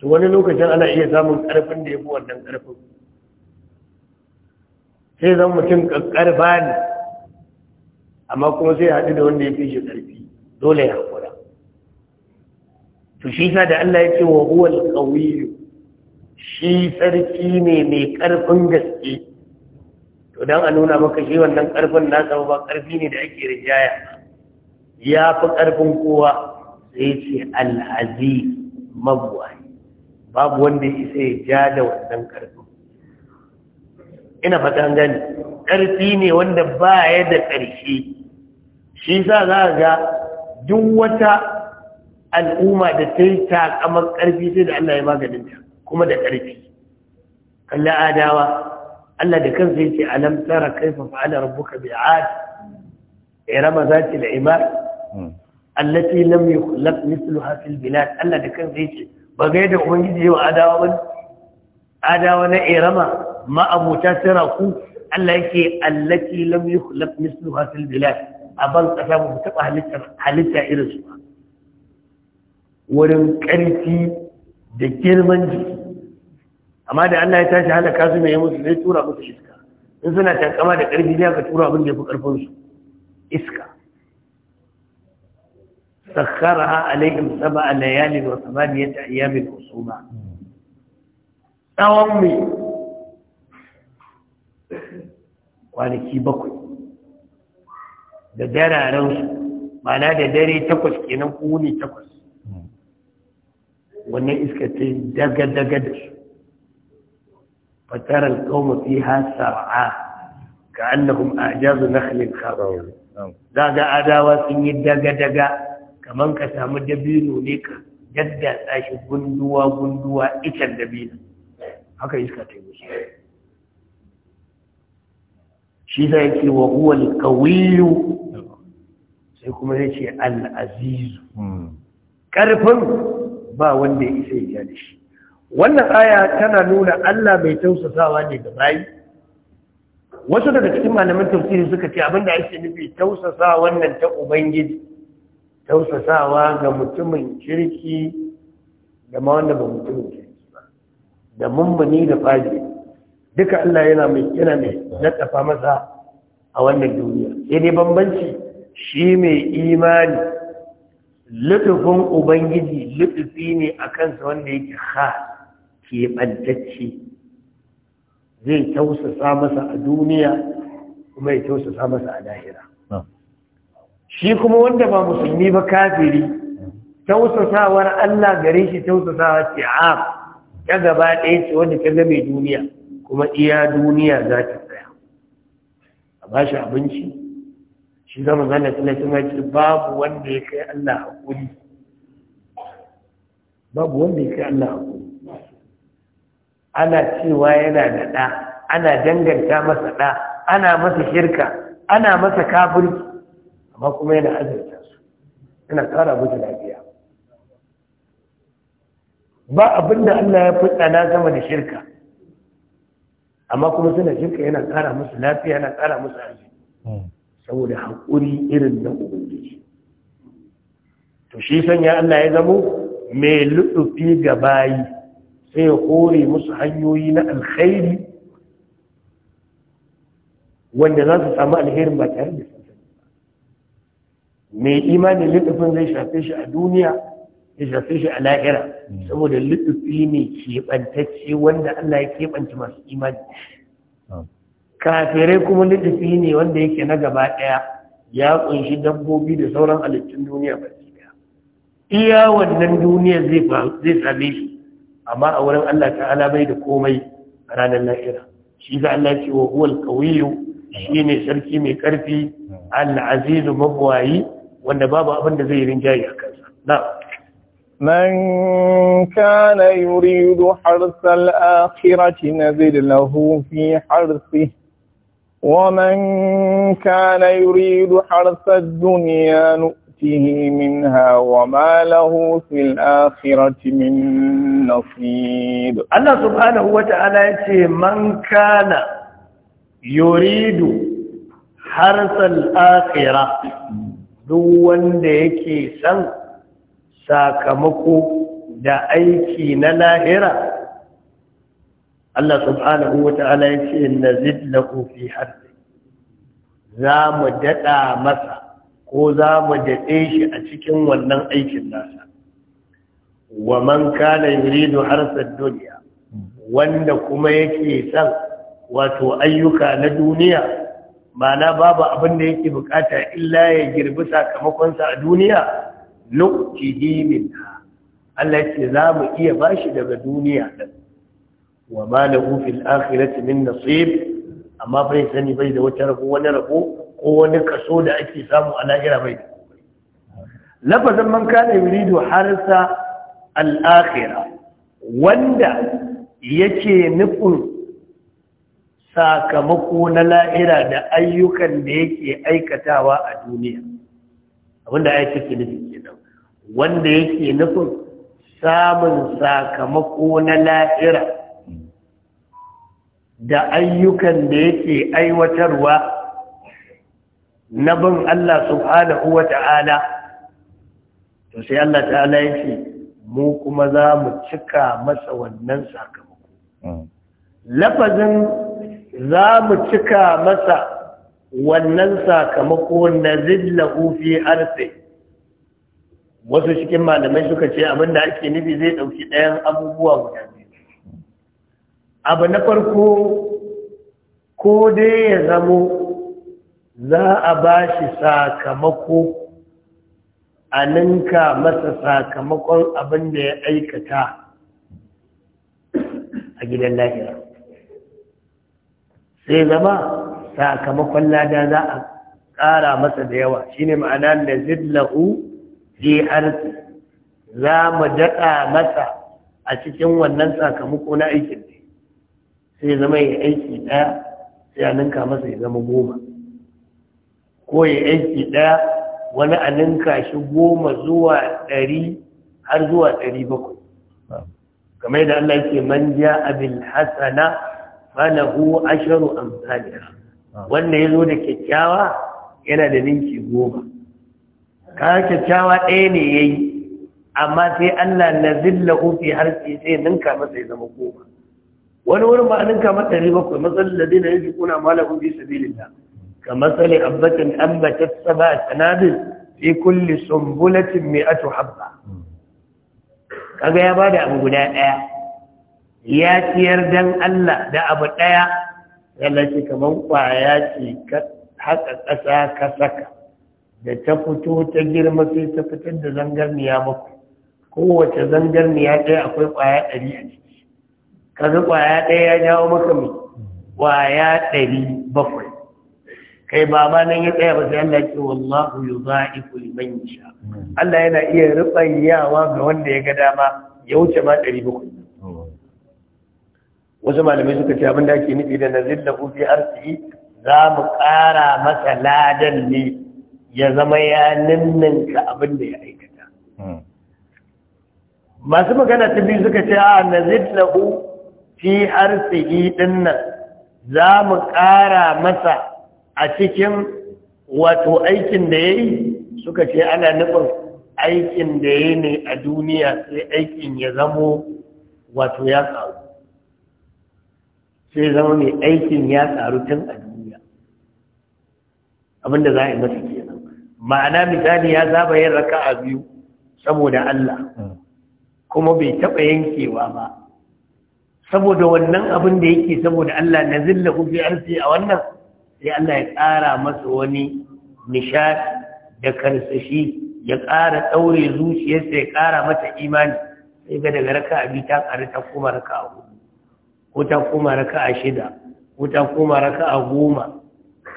to wani lokacin ana iya samun ƙarfin da ya fi wannan ƙarfin sai zan mutum ƙarfa ne amma kuma sai haɗu da wanda ya fi shi ƙarfi dole ya haƙura to shi sa da Allah ya ce wa huwal ƙawiyu shi sarki ne mai ƙarfin gaske to dan a nuna maka shi wannan ƙarfin nasa ba ƙarfi ne da ake rijaya ya fi ƙarfin kowa sai ce al'aziz mabuwayi babu wanda ya isa ya ja da wannan ƙarfin ina fatan gani ƙarfi ne wanda ba ya da ƙarshe shi sa za a ga duk wata al'umma da ta yi takamar ƙarfi sai da Allah ya maganinta kuma da ƙarfi kalla adawa Allah da kansa yake alam tara kaifa fa'ala rabbuka bi'ad irama zati da imar allati lam yukhlaq mithluha fil bilad Allah da kansa yace ba ga yadda ubangiji ya adawa ba adawa na irama ma abuta siraku Allah yake allati lam yukhlaq mithluha fil bilad aban kasa ba taba halitta halitta irin su wurin karfi da girman jiki amma da Allah ya tashi halaka su mai musu zai tura musu iska in suna tankama da karfi ne aka tura abin da ya fi karfin su iska sakharaha alaihim sab'a layalin wa thamaniyata ayyamin husuma tsawon mai kwanaki bakwai da dararen su mana da dare takwas kenan kuni takwas wannan iska ta daga-daga da su fatarar kawo mafi hasara ka annahum a na halin kawo za ga adawa sun yi daga-daga kamar ka samu dabino ne ka daddatsa tsashi gunduwa-gunduwa icen dabino haka iska ta yi musu shi za yake wa huwal kawiyu sai kuma ya ce al'azizu hmm. ƙarfin ba wanda ya isa ya da shi wannan aya tana nuna allah mai tausasawa ne da bayi wasu daga cikin malamin tafsiri suka ce da ake nufi tausasa wannan ta ubangiji tausasawa ga mutumin kirki da ma wanda ba mutumin kirki da mummuni da faji duka Allah yana mai yana mai nadafa masa a wannan duniya sai dai bambanci shi mai imani lutufin ubangiji lutufi ne a kansa wanda yake ha ke ɓantacce zai tausasa masa a duniya kuma ya tausasa masa a lahira shi kuma wanda ba musulmi ba kafiri tausasawar Allah gare shi tausasawa ce a ta gaba ɗaya ce wanda ta game duniya kuma iya duniya za ta tsaya a ba shi abinci shi zama zana talatin ce babu wanda ya kai Allah haƙuri babu wanda ya kai Allah haƙuri ana cewa yana da ɗa ana danganta masa ɗa ana masa shirka ana masa kafirci amma kuma yana azurta su yana ƙara musu lafiya ba abin da Allah ya na sama da shirka amma kuma suna shirka yana ƙara musu lafiya yana ƙara musu arziki hmm. saboda haƙuri irin na ubangiji to shi sanya Allah ya zamo mai lutsufi ga bayi sai ya kore musu hanyoyi na alkhairi wanda za su samu alherin ba tare da sun sani mai imani littafin zai shafe shi a duniya ya shafe shi a lahira saboda littafi ne keɓantacce wanda Allah ya keɓanta masu imani kafirai kuma littafi ne wanda yake na gaba ɗaya ya kunshi dabbobi da sauran halittun duniya ba iya wannan duniya zai same shi amma a wurin Allah ta'ala bai da komai a ranar lahira shi ga Allah ce wa huwal qawiyu shine sarki mai karfi al-aziz mabwayi wanda babu abin da zai rinjaye a kansa na'am من كان يريد حرث الآخرة نزد له في حرثه ومن كان يريد حرث الدنيا نؤته منها وما له في الآخرة من نصيب الله سبحانه وتعالى يتي من كان يريد حرس الآخرة دون ديكي سن ساكمكو da aiki na lahira Allah subhanahu wa ta'ala ya ce na zidlahu fi harfi za mu daɗa masa ko za mu daɗe shi a cikin wannan aikin nasa wa man kana yuridu harsar duniya wanda kuma yake son wato ayyuka na duniya mana babu abin da yake bukata illa ya girbi sakamakonsa a duniya nuktihi minha Allah ce za mu iya bashi daga duniya din wa ma lahu fil akhirati min nasib amma bai sani bai da wata rabo wani rabo ko wani kaso da ake samu a lahira bai da lafazin man kana yuridu harsa al-akhirah wanda yake nufin sakamako na la'ira da ayyukan da yake aikatawa a duniya abinda ya take nufi kenan wanda yake nufin samun sakamako na la'ira da ayyukan da yake aiwatarwa na bin Allah subhanahu wa ta'ala to sai Allah ta'ala ya ce mu kuma za mu cika masa wannan sakamako mm. lafazin za mu cika masa wannan sakamako na zilla fi arsi wasu cikin malamai suka ce abinda ake nufi zai ɗauki ɗayan abubuwa guda biyu abu na farko ko dai ya zamo za a ba shi sakamako a ninka masa sakamakon abin da ya aikata a gidan lahira sai zama sakamakon lada za a ƙara masa da yawa Shi ne ma'ana da zillahu fi arzi za mu daɗa masa a cikin wannan sakamako na aikin sai zama ya aiki ɗaya sai a ninka masa ya zama goma ko ya aiki ɗaya wani a ninka shi goma zuwa ɗari har zuwa ɗari bakwai kamar da Allah ke man ja abin hasana hu asharu amsaliha wanda ya zo da kyakkyawa yana da ninki goma ka kyakkyawa ɗaya ne ya yi amma sai Allah na zilla ofi har sai ninka masa ya zama goma wani wurin ba a ninka masa ɗari bakwai matsalin da zai na yi kuna malakun bilin sabilillah كمثل saba a سبع سنابل kulle كل mai مئة حبة kaga ya bada abu guda daya ya ciyar dan Allah da abu daya Allah kamar kaman kwaya ce ka haka ƙasa ka saka da ta fito ta girma sai ta fitar da zangarniya muku kowace zangarniya ɗaya akwai ƙwaya ɗari a ciki kaga ƙwaya ɗaya ya jawo maka mai ƙwaya ɗari bakwai kai ba ba nan ya tsaya ba sai Allah ce wallahu yudha'ifu liman yasha Allah yana iya rubayyawa ga wanda ya ga dama ya wuce ma 700 wasu malamai suka ce abin da ake nufi da nazil da fi arziki za mu ƙara masa ladan ne ya zama ya ninninka abin da ya aikata masu magana ta biyu suka ce a nazil fi arziki din nan za mu ƙara masa a cikin wato aikin da ya yi suka ce ana nufin aikin da ya ne a duniya sai aikin ya zamo wato ya karu sai zama mai aikin ya karu tun a duniya abinda za a yi masa nan ma'ana misali ya zaba yin raka a biyu saboda Allah kuma bai taɓa yankewa ba saboda wannan abin da yake saboda Allah na zilla hufi arsi a wannan sai Allah ya ƙara masa wani nishadi da karsashi ya ƙara ɗaure zuciyarsa ya ƙara mata imani sai ga daga raka a biyu ta ƙari ta koma raka a hudu ko ta koma raka a shida ko ta koma raka a goma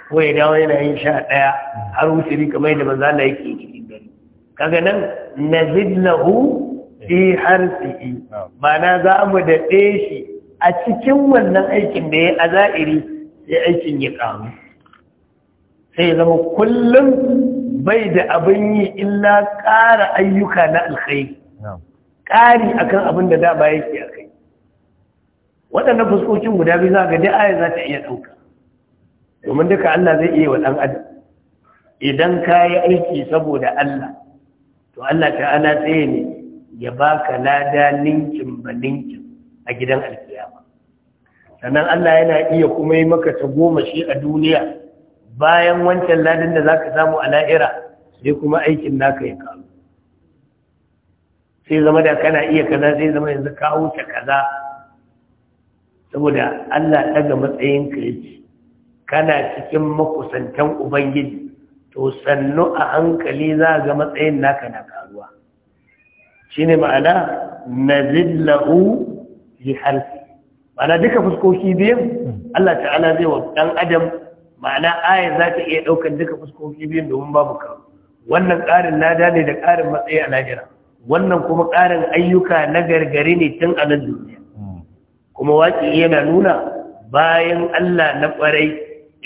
ko ya dawo yana yin sha ɗaya har ni kamar yadda manzo Allah yake yi. gari kaga nan nazillahu fi harsihi ma'ana za mu daɗe shi a cikin wannan aikin da ya yi a za'iri sai aikin ya ƙaru sai ya zama kullum bai da abin yi illa ƙara ayyuka na alkhai ƙari akan abin da da yake a kai waɗannan fuskokin guda biyu za ga dai aya za ta iya ɗauka domin duka Allah zai iya wa ɗan idan ka yi aiki saboda Allah to Allah ta'ala tsaye ne ya baka lada ninkin ba ninkin a gidan alkiyama sannan Allah yana iya kuma yi maka ta goma shi a duniya bayan wancan ladin da za ka samu a la'ira sai kuma aikin naka ya kawo sai zama da kana iya kaza sai zama yanzu ka ta kaza saboda Allah daga matsayin ka yake kana cikin makusantan ubangiji to sannu a hankali za ga matsayin naka na karuwa shine ma'ana nazillahu li harfi Mana duka fuskoki biyun Allah ta'ala zai wa dan adam ma'ana aya za ta iya ɗaukar duka fuskoki biyun domin babu ka wannan ƙarin lada ne da ƙarin matsayi a najira wannan kuma ƙarin ayyuka na gargari ne tun a nan duniya kuma waƙi yana nuna bayan Allah na ƙwarai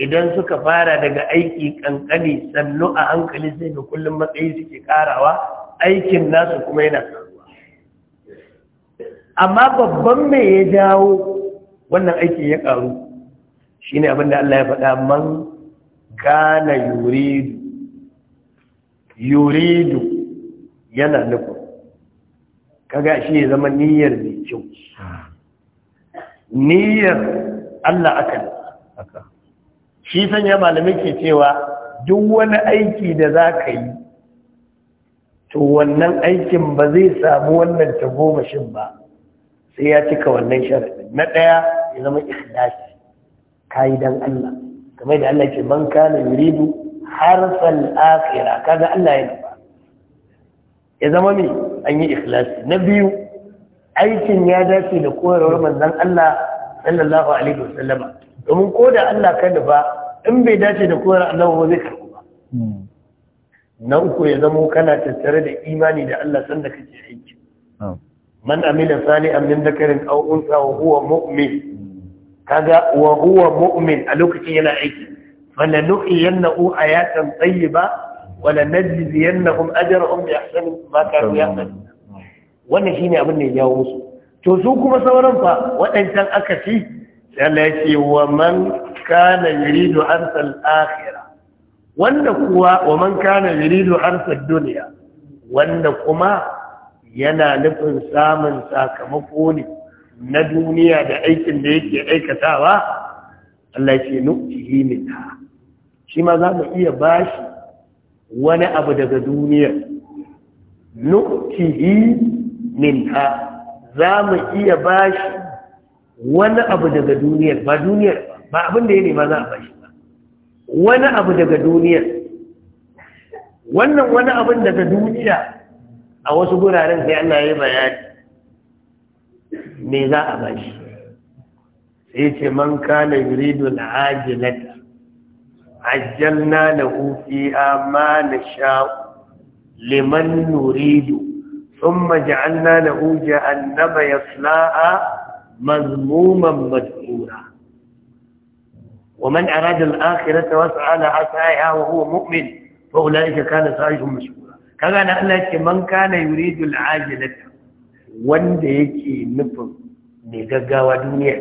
idan suka fara daga aiki ƙanƙani sannu a hankali sai da kullum matsayi suke ƙarawa aikin nasu kuma yana amma babban mai ya jawo wannan aiki ya karu ne abin da Allah ya faɗa man gana yuridu yuridu yana nufin kaga shi ya zama niyyar mai kyau niyyar Allah aka shi sanya malamai ke cewa duk wani aiki da za ka yi to wannan aikin ba zai samu wannan tagomashin ba sai ya cika wannan sharadin na ɗaya ya zama ikhlasi yi dan Allah kamar da Allah ke man kana yuridu harfal Ka kaga Allah ya nufa ya zama me an yi ikhlasi na biyu aikin ya dace da koyarwar manzon Allah sallallahu alaihi wasallama domin ko da Allah ka nufa in bai dace da koyar Allah ba zai karbu ba hmm. na uku ya zama kana tattare da imani da Allah sanda kake aiki oh. man amila salihan min dhakarin aw unsa wa huwa mu'min kaga wa huwa mu'min a lokacin yana aiki falanuhiyannahu ayatan tayyiba wa lanajziyannahum ajrahum bi ahsani ma kanu ya'malun wannan shine abin da ya jawo musu to su kuma sauran fa waɗancan aka ci Allah ya ce wa man kana yuridu arsal akhirah wanda kuwa wa man kana yuridu arsal dunya wanda kuma yana nufin samun sakamako ne na duniya da aikin da yake aikatawa Allah ce nuktihi minha shi ma za mu iya bashi wani abu daga duniya nuktihi ta. za mu iya bashi wani abu daga duniyar ba duniyar ba abin da ya nema za a bashi ba wani abu daga duniyar wannan wani abin daga duniya a wasu guraren sai Allah ya yi bayani me za a bashi sai ce man kana yuridu al-ajilata ajjalna lahu fiha ma nasha'u liman nuridu ثم جعلنا له جهنم يصلاها مذموما مدحورا ومن أراد الآخرة وسعى لها سعيها وهو مؤمن فأولئك كان سعيهم مشكورا kaga na Allah ce man kana yuridu al-ajilata wanda yake nufin mai gaggawa duniya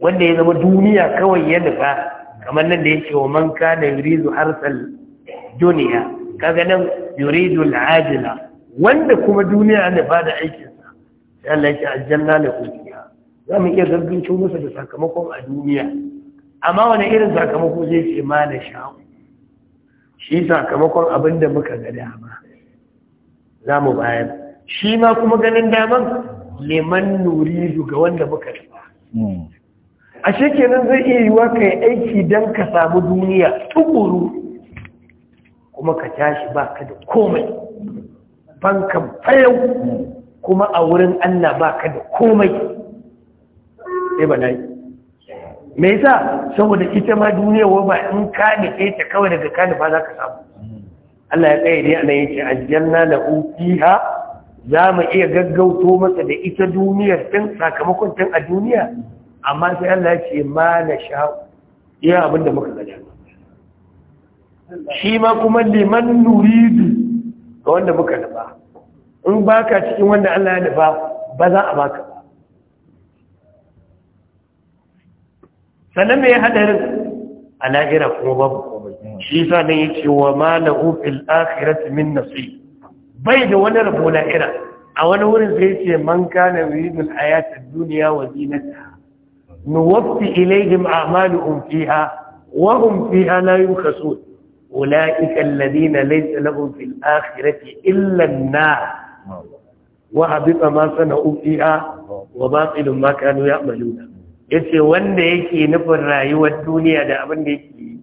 wanda ya zama duniya kawai ya nufa kamar nan da yake wa man kana yuridu harsal duniya kaga nan yuridu al-ajila wanda kuma duniya ne ba da aikin sa sai Allah ya ce aljanna ku kufiya za mu iya gaggauto masa da sakamakon a duniya amma wani irin sakamako zai ce ma na sha'u shi sakamakon abin da muka ga dama za mu bayar shi ma kuma ganin daman neman nuri ga wanda muka rufa hmm. a shekenan zai iya yiwa ka aiki don ka samu duniya tukuru kuma ka tashi ba ka da komai bankan fayau hmm. kuma a wurin allah ba ka da komai sai ba na yi me yasa saboda ita ma duniya wa ba in ka da kai ta kawai daga ka nufa za ka samu Allah ya tsaye ne ana nan yace aljanna la ufiha za mu iya gaggauto masa da ita duniyar tun sakamakon tun a duniya amma sai Allah ya ce ma na sha iya abin da muka gada shi ma kuma liman nuridu ga wanda muka nufa in baka cikin wanda Allah ya nufa ba za a baka sannan mai hadarin a lahira kuma babu na sa ne ya ce wa ma na ofin akirati min bai da wani rabu na a wani wurin zai ce man kane wurin ayatar duniya wa zinata nuwafi ilayhim a mali umfi ha wahun fi ha na yi kaso ula'ikan ladina laisa na ofin akirati illan na wa habita ma sana ofi wa ba tsilin makano ya maluna ya ce wanda yake nufin rayuwar duniya da abin da yake yi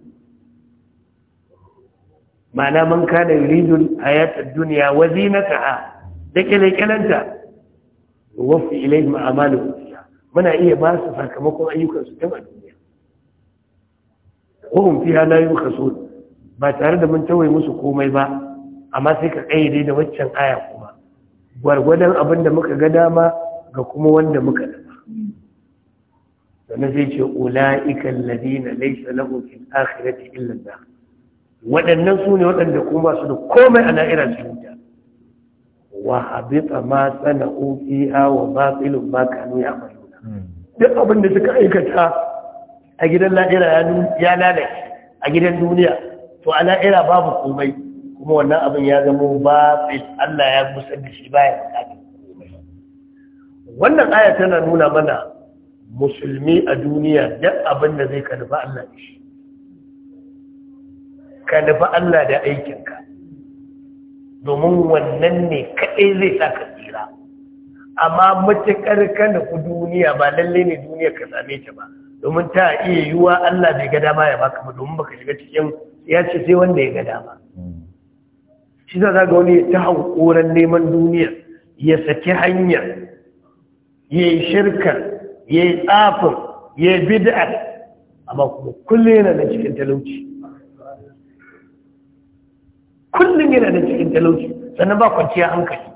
mana man kada yuridun hayatar duniya na ha da kyalekyalanta wafi ilai ma'amalin duniya muna iya ba su sakamakon ayyukansu ta duniya ko fiya la yi so. ba tare da mun tawaye musu komai ba amma sai ka kayyade da waccan aya kuma gwargwadon abin da muka ga dama ga kuma wanda muka da sannan zai ce ula'ikan ladina laisa lahu fil akhirati illa nar waɗannan su ne waɗanda kuma su da komai a na'ira su wuta wa habita ma sana'u fiha wa batilun ma kanu ya amalu duk abin da suka aikata a gidan la'ira ya lalace a gidan duniya to a la'ira babu komai kuma wannan abin ya zama batil Allah ya gusar da shi baya bukatun wannan aya tana nuna mana musulmi a duniya duk abin da zai ka nufi Allah da shi ka nufi Allah da aikinka domin wannan ne kaɗai zai sa ka tsira amma matuƙar ka nufi duniya ba lalle ne duniya ka same ta ba domin ta iya yiwuwa Allah bai ga dama ya baka ba domin baka shiga cikin ya ce sai wanda ya ga dama shi za ga wani ta hankoran neman duniya ya saki hanyar, ya yi shirkar ya yi tsafin ya yi bid'ar amma kuma kullum yana da cikin talauci kullum yana da cikin talauci sannan ba kwanciya hankali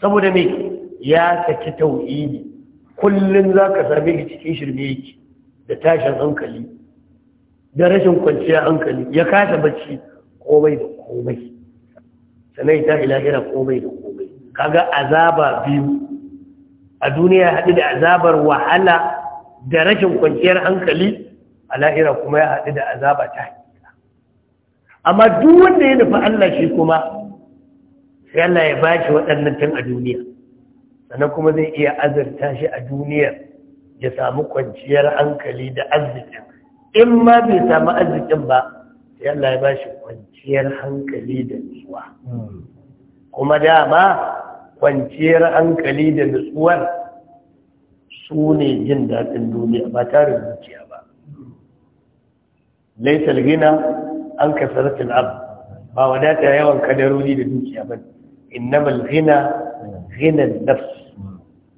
saboda me ya saki tauhidi kullum za ka same shi cikin shirme yake da tashin hankali da rashin kwanciya hankali ya kasa bacci komai da komai sanai ta ilahira komai da komai kaga azaba biyu a duniya haɗu da azabar wahala da rashin kwanciyar hankali a lahira kuma ya haɗu da azaba ta haƙiƙa amma duk wanda ya nufi Allah shi kuma sai Allah ya ba shi waɗannan tun a duniya sannan kuma zai iya azarta shi a duniyar ya samu kwanciyar hankali da arzikin in ma bai samu arzikin ba sai Allah ya ba shi kwanciyar hankali da nutsuwa hmm. kuma dama kwanciyar hankali da nutsuwar su ne jin daɗin duniya ba tare da zuciya ba laisal gina an kasaratul ab ba wadata yawan kadarori da dukiya ba innamal gina gina nafs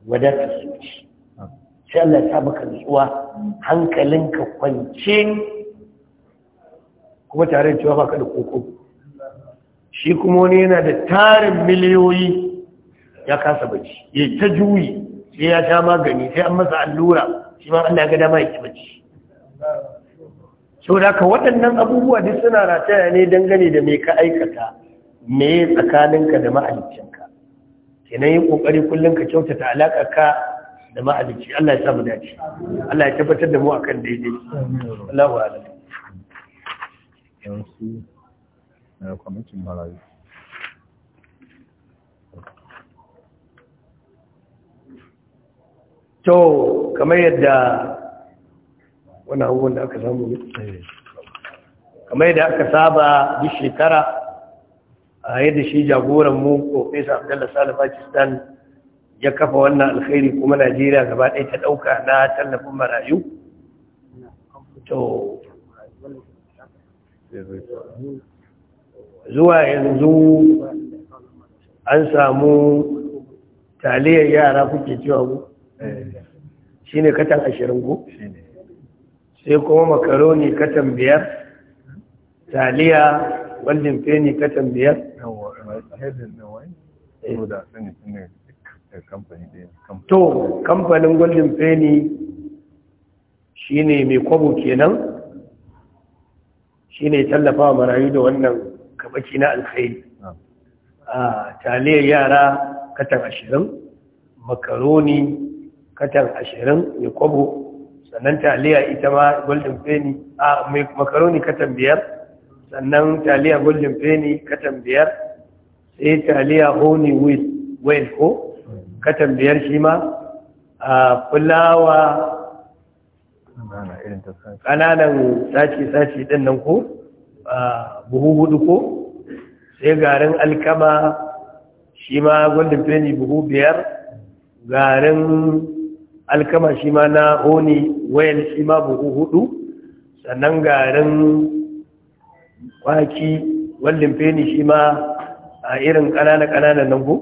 wadatar zuci sai Allah ya maka nutsuwa hankalinka kwance kuma tare da cewa baka da koko shi kuma wani yana da tarin miliyoyi ya kasa bacci ya ta juyi sai ya sha magani sai an masa allura shi ma Allah ya ga dama ya ci bacci saboda ka waɗannan abubuwa duk suna rataya ne dangane da me ka aikata me tsakaninka da mahaliccinka kenan yi kokari kullun ka kyautata alaka ka da mahalicci Allah ya samu dace Allah ya tabbatar da mu akan daidai Allahu a'lam na kwamitin marayu to kamar yadda wani abubuwan da aka samu kamar yadda aka saba duk shekara a yadda shi jagoran mu fesa abdullahi salih pakistan ya kafa wannan alkhairi kuma najeriya gaba ɗaya ta ɗauka na tallafin marayu to zuwa yanzu an samu taliyar yara kuke cewa Eh. shi ne katan ashirin ku sai kuma makaroni katan biyar taliya gwaldin feni katan biyar eh. to kamfanin gwaldin feni shi ne mai kwabo kenan shi ne tallafa marayu da wannan kabaki na alkhairi a ah. ah, taliyar yara katan ashirin makaroni katan ashirin ya kwabo sannan taliya ita ma golden penny a mai makaroni katan biyar sannan taliya golden penny katan biyar sai taliya honey wheat whale ko katan biyar shi ma a fulawa kananan sace-sace din nan ko buhu hudu ko sai garin alkama shi ma golden penny buhu biyar garin alkama shi ma na honi wayan shi ma buhu hudu sannan garin kwaki wallin feni shi ma a irin ƙanana kanana nan bu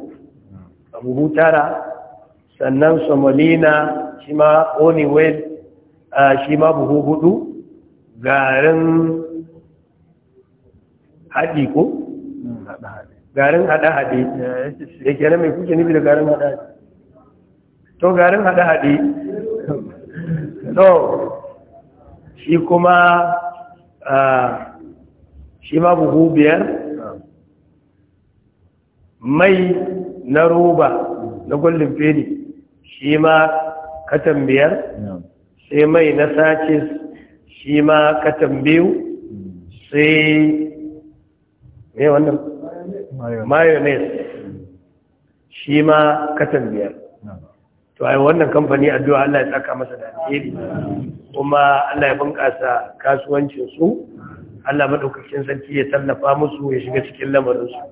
a buhu tara sannan somalina shi ma honi wayan shi ma buhu hudu garin haɗi ko? Hmm, garin haɗe-haɗe eh, ke nan mai kuke nufi da garin haɗe-haɗe to garin haɗe-haɗe no shi kuma shi ma buhu biyar mai na roba na gullun fere shi ma katan biyar sai mai na sace shi ma katan biyu sai mai shi ma katan biyar to ai wannan kamfani addu'a Allah ya saka masa da alheri kuma Allah ya bunƙasa kasuwancin su Allah madaukakin sarki ya tallafa musu ya shiga cikin lamarin su